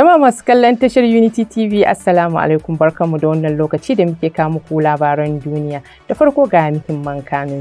Jama'a masu kallon tashar Unity TV Assalamu alaikum barkanmu da wannan lokaci da muke kawo muku labaran duniya. Da farko ga muhimman kanin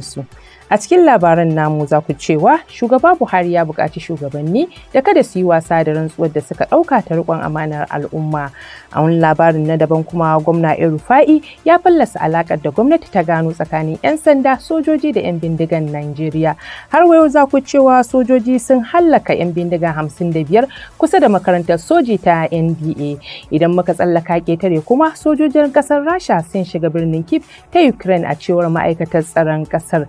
A cikin labaran namu za ku cewa shugaba Buhari ya buƙaci shugabanni da kada su yi wasa da rantsuwar da suka ɗauka ta riƙon amanar al'umma. A wani labarin na daban kuma gwamna Rufa'i ya fallasa alaƙar da gwamnati ta gano tsakanin 'yan sanda, sojoji da 'yan bindigan Najeriya. Har wayo za ku cewa sojoji sun hallaka 'yan bindiga hamsin da biyar kusa da makarantar soji ta NDA. Idan muka tsallaka ƙetare kuma sojojin ƙasar Rasha sun shiga birnin Kif ta Ukraine a cewar ma'aikatar tsaron ƙasar.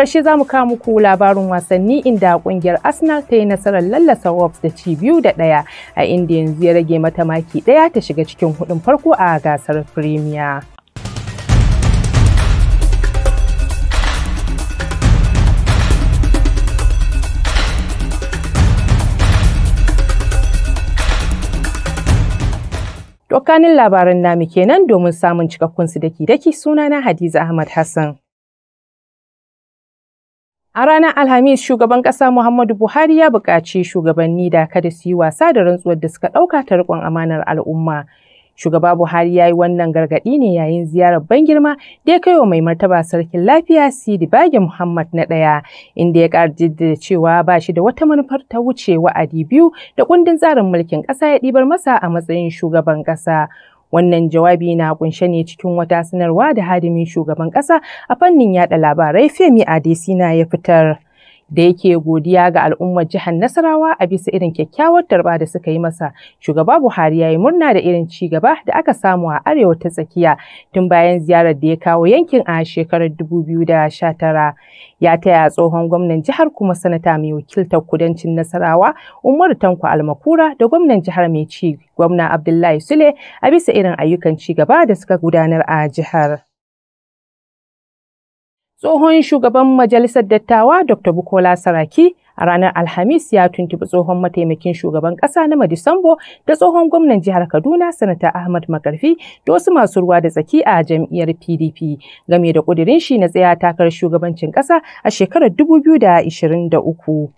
karshe za mu kawo muku labarin wasanni inda ƙungiyar Arsenal ta yi nasarar lallasa Wolves da ci biyu da ɗaya a inda yanzu ya rage mata maki ɗaya ta shiga cikin hudun farko a gasar Premier. Dokanin labaran namu kenan domin samun cikakkun su daki-daki sunana Hadiza Ahmad Hassan. A ranar Alhamis, shugaban ƙasa Muhammadu Buhari ya buƙaci shugabanni da kada su yi wasa da rantsuwar da suka ɗauka ta riƙon amanar al'umma. Shugaba Buhari ya yi wannan gargaɗi ne yayin ziyarar ban girma da ya kai wa mai martaba sarkin lafiya Sidi Bage Muhammad na ɗaya, inda ya ƙara jaddada cewa ba shi da wata manufar ta wuce wa'adi biyu da kundin tsarin mulkin ƙasa ya ɗibar masa a matsayin shugaban ƙasa. Wannan jawabi na kunshe ne cikin wata sanarwa da hadimin shugaban kasa a fannin yada labarai Femi Adesina ya fitar. da yake godiya ga al'ummar jihar Nasarawa a bisa irin kyakkyawar tarba da suka yi masa. Shugaba Buhari ya yi murna da irin ci gaba da aka samu a Arewa ta tsakiya tun bayan ziyarar da ya kawo yankin a shekarar 2019. Ya taya tsohon gwamnan jihar kuma sanata mai wakiltar kudancin Nasarawa Umaru Tanko Almakura da gwamnan jihar mai ci gwamna Abdullahi Sule a bisa irin ayyukan ci gaba da suka gudanar a jihar. Tsohon shugaban Majalisar Dattawa Dr. Bukola Saraki a ranar Alhamis ya tuntubi tsohon mataimakin shugaban ƙasa na Madisambo da tsohon gwamnan jihar Kaduna Sanata Ahmad Makarfi da wasu masu ruwa da tsaki a jam'iyyar PDP game da ƙudirin shi na tsaya takarar shugabancin ƙasa a shekarar 2023.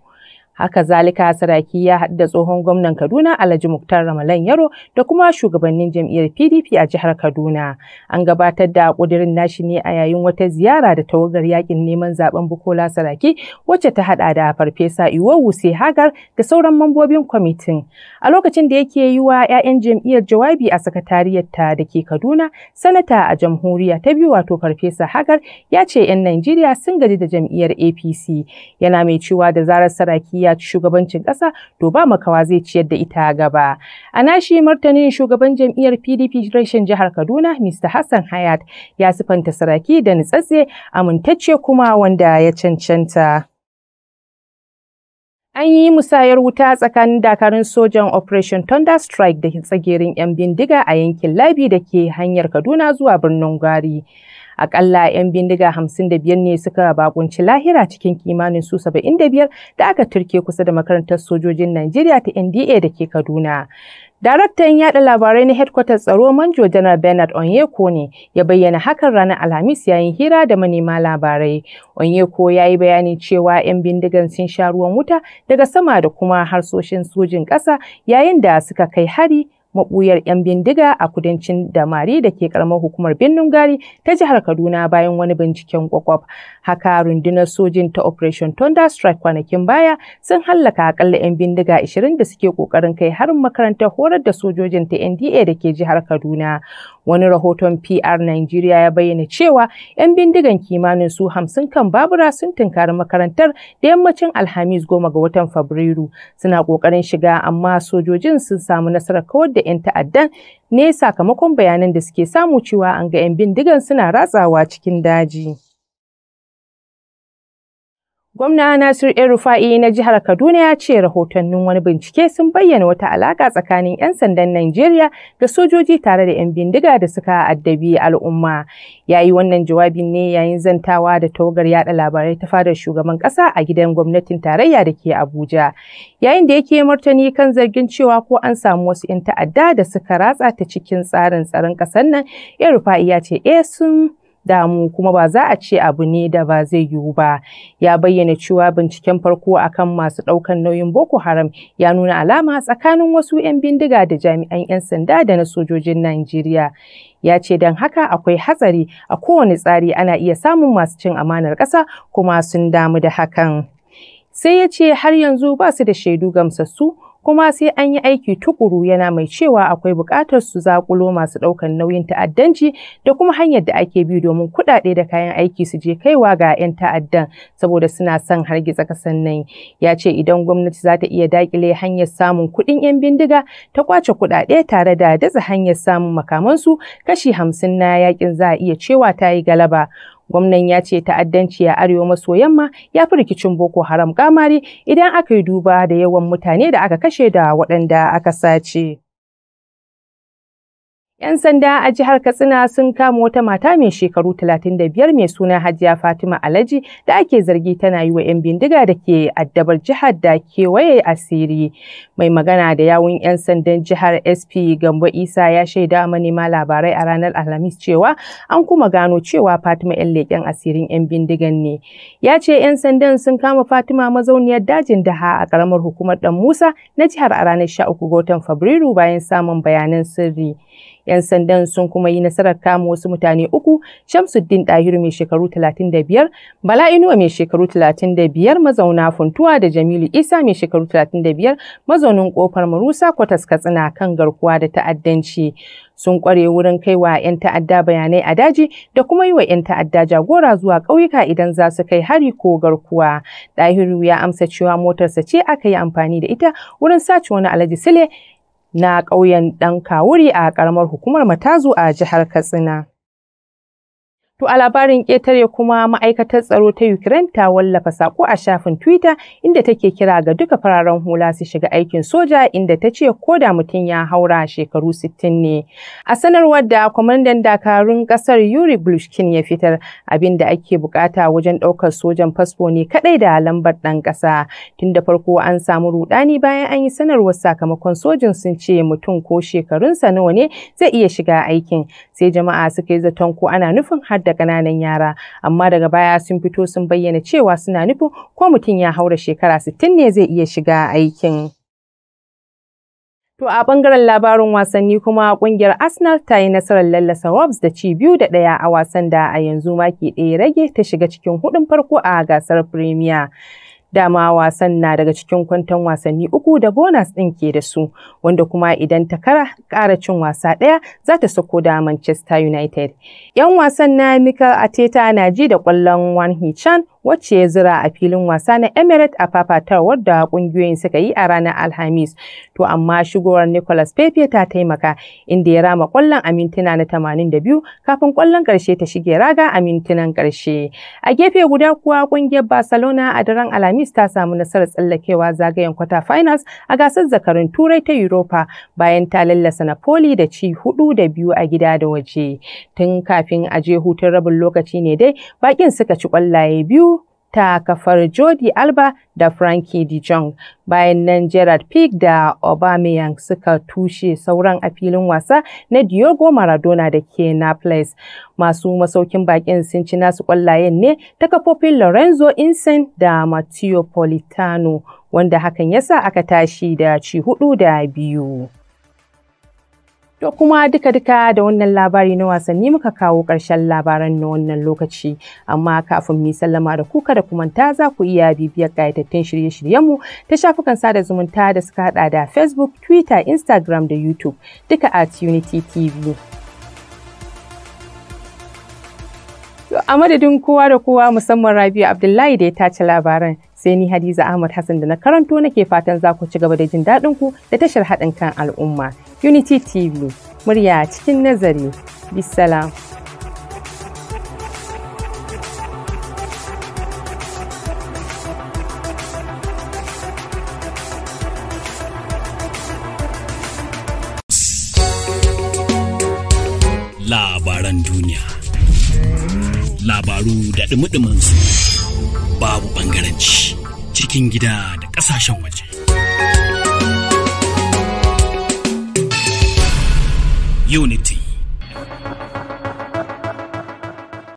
haka zalika saraki ya haɗu tsohon gwamnan kaduna alhaji muktar ramalan yaro da kuma shugabannin jam'iyyar pdp a jihar kaduna an gabatar da kudirin nashi ne a yayin wata ziyara da tawagar yakin neman zaben bukola saraki wacce ta haɗa da farfesa iwowu hagar da sauran mambobin kwamitin a lokacin da yake yi wa 'ya'yan jam'iyyar jawabi a sakatariyarta da ke kaduna sanata a jamhuriya ta biyu wato farfesa hagar ya ce 'yan najeriya sun gaji da jam'iyyar apc yana mai cewa da zarar saraki ya ci shugabancin ƙasa to ba makawa zai ciyar da ita gaba. A nashi martanin shugaban jam'iyyar PDP reshen jihar Kaduna Mr. Hassan Hayat ya sifanta saraki da nutsatse amintacce kuma wanda ya cancanta. An yi musayar wuta tsakanin dakarun sojan Operation Thunder Strike da tsagerin 'yan bindiga a yankin Labi da ke hanyar Kaduna zuwa birnin Gwari. Akalla 'yan bindiga hamsin biyar ne suka bakunci lahira cikin kimanin su saba'in da biyar da aka turke kusa da makarantar sojojin Najeriya ta NDA da ke Kaduna. Daraktan yada labarai na headquarters tsaro Manjo General Bernard Onyeko ne ya bayyana hakan ranar Alhamis yayin hira da manema labarai. Onyeko ya yi bayanin cewa 'yan bindigan sun sha ruwan wuta daga sama da kuma harsoshin sojin ƙasa yayin da suka kai hari mabuyar 'yan bindiga a kudancin damari da ke karamar hukumar birnin gari ta jihar kaduna bayan wani binciken kwakwaf haka rundunar sojin ta operation thunder strike kwanakin baya sun hallaka akalla 'yan bindiga 20 da suke kokarin kai harin makarantar horar da sojojin ta nda da ke jihar kaduna wani rahoton pr nigeria ya bayyana cewa 'yan bindigan kimanin su hamsin kan babura sun tunkari makarantar da yammacin alhamis goma ga watan fabrairu suna kokarin shiga amma sojojin sun samu nasarar kawar da da 'yan ta'addan ne sakamakon bayanan da suke samu cewa an ga 'yan bindigan suna ratsawa cikin daji. Gwamna Nasir El-Rufa'i na jihar Kaduna ya ce rahotannin wani bincike sun bayyana wata alaƙa tsakanin 'yan sandan Najeriya da sojoji tare da 'yan bindiga da suka addabi al'umma. Ya yi wannan jawabin ne yayin zantawa da tawagar yada labarai ta fadar shugaban ƙasa a gidan gwamnatin tarayya da ke Abuja. Yayin da yake martani kan zargin cewa ko an samu wasu 'yan ta'adda da suka ratsa ta cikin tsarin tsaron ƙasar nan, El-Rufa'i ya ce eh sun damu kuma ba za a ce abu ne da ba zai yiwu ba ya bayyana cewa binciken farko akan masu ɗaukan nauyin boko haram ya nuna alama tsakanin wasu 'yan bindiga da jami'an 'yan sanda da na sojojin najeriya ya ce don haka akwai hatsari a kowane tsari ana iya samun masu cin amanar ƙasa kuma sun damu da hakan sai ya ce har yanzu ba su da shaidu gamsassu kuma sai an yi aiki tukuru yana mai cewa akwai buƙatar su zakulo masu ɗaukar nauyin ta'addanci da kuma hanyar da ake bi domin kuɗaɗe da kayan aiki su je kaiwa ga 'yan ta'addan saboda suna son hargitsa kasan nan ya ce idan gwamnati za ta iya daƙile hanyar samun kuɗin 'yan bindiga ta kwace kuɗaɗe tare da datsa hanyar samun makamansu kashi hamsin na yakin za a iya cewa ta yi galaba Gwamnan ya ce ta'addanci a arewa maso yamma ya fi rikicin Boko Haram kamari idan aka yi duba da yawan mutane da aka kashe da waɗanda aka sace. 'Yan sanda a jihar Katsina sun kama wata mata mai shekaru 35 mai suna Hajiya Fatima Alhaji da ake zargi tana yi wa 'yan bindiga da ke addabar jihar da kewaye asiri. Mai magana da yawun 'yan sandan jihar SP Gambo Isa ya shaida manema labarai a ranar Alhamis cewa an kuma gano cewa Fatima 'yan leƙen asirin 'yan bindigan ne. Ya ce 'yan sandan sun kama Fatima mazauniyar dajin Daha a ƙaramar hukumar Dan Musa na jihar a ranar 13 ga watan Fabrairu bayan samun bayanan sirri. 'Yan sandan sun kuma yi nasarar kama wasu mutane uku, Shamsuddin Dahiru mai shekaru 35, Bala Inuwa mai shekaru 35 mazauna Funtuwa da Jamilu Isa mai shekaru 35 mazaunin kofar Marusa Kwatas Katsina kan garkuwa da ta'addanci. sun kware wurin kaiwa 'yan ta'adda bayanai a daji da kuma yi wa 'yan ta'adda jagora zuwa ƙauyuka idan za su kai hari ko garkuwa. Ɗahiru ya amsa cewa motarsa ce aka yi amfani da ita wurin sace wani alhaji sile na ƙauyen ɗan kawuri a ƙaramar hukumar matazu a jihar katsina To a labarin ƙetare kuma ma'aikatar tsaro ta Ukraine ta wallafa sako a shafin Twitter inda take kira ga duka fararen hula su shiga aikin soja inda ta ce ko da mutum ya haura shekaru 60 ne. A sanarwar da kwamandan dakarun ƙasar Yuri Glushkin ya fitar abin da ake bukata wajen ɗaukar sojan fasfo ne kaɗai da lambar ɗan ƙasa. Tun da farko an samu rudani bayan an yi sanarwar sakamakon sojin sun ce mutum ko shekarunsa nawa ne zai iya shiga aikin. Sai jama'a suka yi zaton ko ana nufin hadda da ƙananan yara amma daga baya sun fito sun bayyana cewa suna nufin ko mutum ya haura shekara 60 ne zai iya shiga aikin. To a bangaren labarin wasanni kuma kungiyar Arsenal ta yi nasarar lallasa Wolves da ci biyu da ɗaya a wasan da a yanzu maki ɗaya rage ta shiga cikin hudun farko a gasar Premier. Dama wasan na daga cikin kwanton wasanni uku da bonus ɗin ke da su, wanda kuma idan ta kara ƙara cin wasa ɗaya za ta sako da Manchester United. 'Yan wasan na Mikel Ateta na ji da kwallon Wan Chan wacce ya zira a filin wasa na Emirates a fafatawar da kungiyoyin suka yi a ranar Alhamis. To amma shigowar Nicolas Pepe ta taimaka inda ya rama kwallon a mintuna na 82 kafin kwallon karshe ta shige raga a mintunan karshe. A gefe guda kuwa kungiyar Barcelona a daren Alhamis ta samu nasarar tsallakewa zagayen kwata finals a gasar zakarun Turai ta Europa bayan ta lallasa Napoli da ci hudu da biyu a gida da waje. Tun kafin a je hutun rabin lokaci ne dai bakin suka ci kwallaye biyu ta kafar Jordi Alba da Frankie de Jong. Bayan nan Gerard Pique da Aubameyang suka tushe sauran a filin wasa na Diogo Maradona da ke Naples. Masu masaukin bakin sun ci nasu kwallayen ne ta kafofin Lorenzo Insen da Matteo Politano wanda hakan yasa aka tashi da ci hudu da biyu. To kuma duka-duka da wannan labari na wasanni muka kawo ƙarshen labaran na wannan lokaci, amma kafin mu sallama da kuka da kumanta za ku iya bibiyar ƙayatattun shirye-shiryenmu ta shafukan sada zumunta da suka haɗa da Facebook, Twitter, Instagram da YouTube duka at Unity TV. A madadin kowa da kowa musamman Rabi'u Abdullahi da ya tace labaran sai ni Hadiza Ahmad Hassan da na karanto nake fatan za ku ci gaba da jin daɗin ku da tashar haɗin kan al'umma Unity TV murya cikin nazari bisala labaran duniya. Labaru da ɗumi su. babu ɓangaranci cikin gida da ƙasashen waje. Unity